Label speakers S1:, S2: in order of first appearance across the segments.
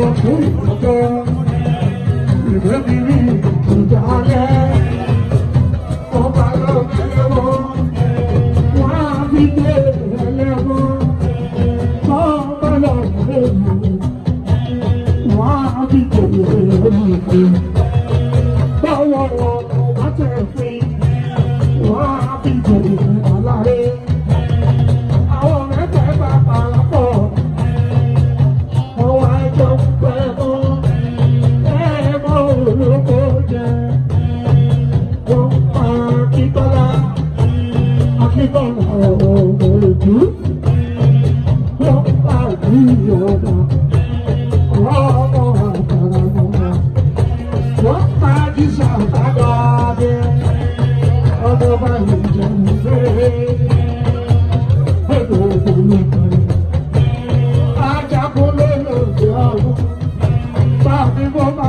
S1: Thank you. Salve, vamos.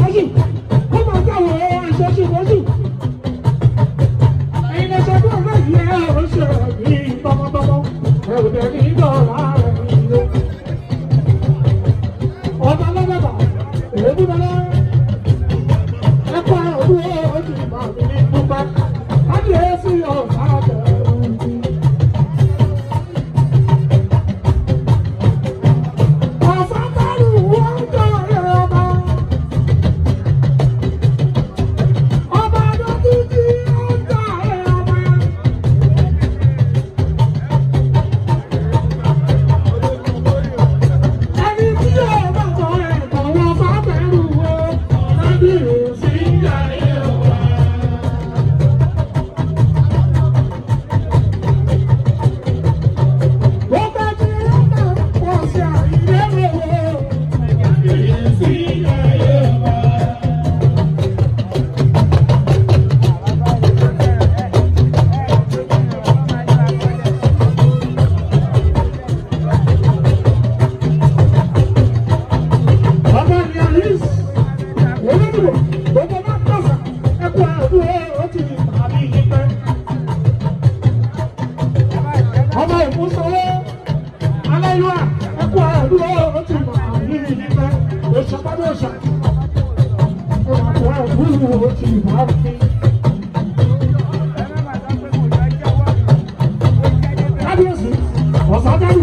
S1: Megan! òṣàpá ní òṣà wọ́n búrú òṣì ìbáàbí. kábíyèsí ọ̀sán dẹ́rù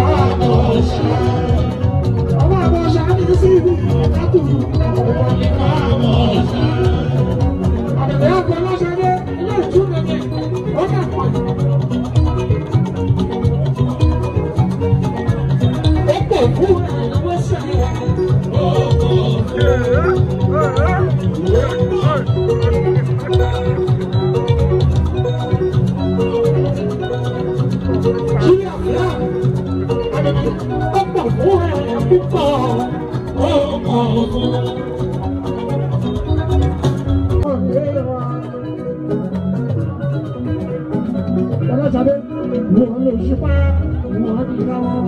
S1: وبكرم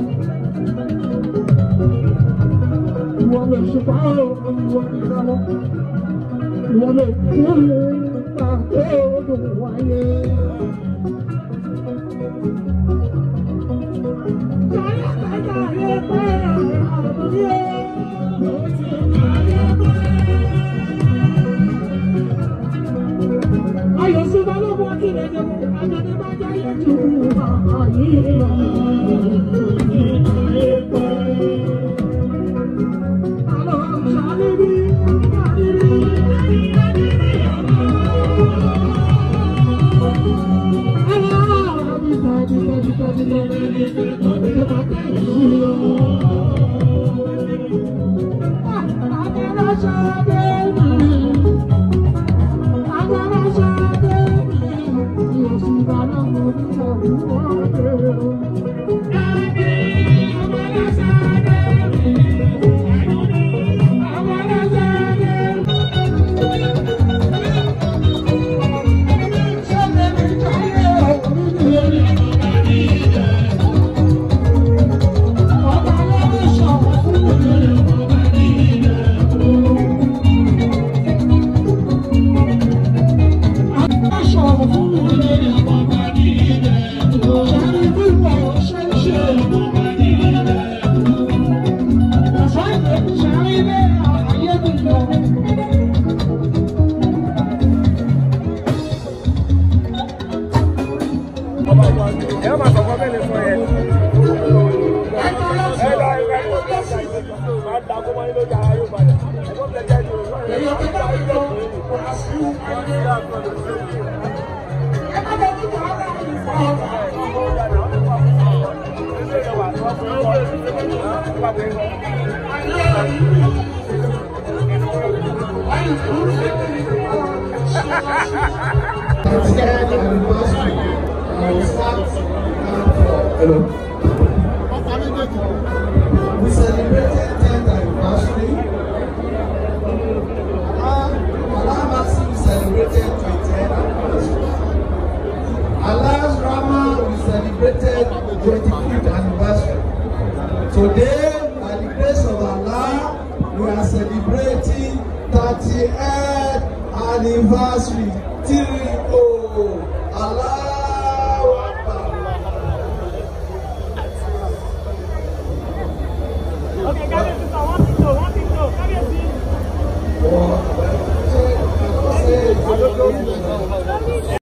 S1: وبشفاء وبكرم وبكل تعتاد وعيان Ayọ̀ sí balógun àti ìrẹ̀jẹ̀ mú, àjọ̀dẹ̀ bá jẹ́. hayır var girl. Hello. We celebrated 10th anniversary. Allah Maxim celebrated 20th anniversary. Allah's Rama, we celebrated 25th anniversary. Today, anniversary three oh aláàbò.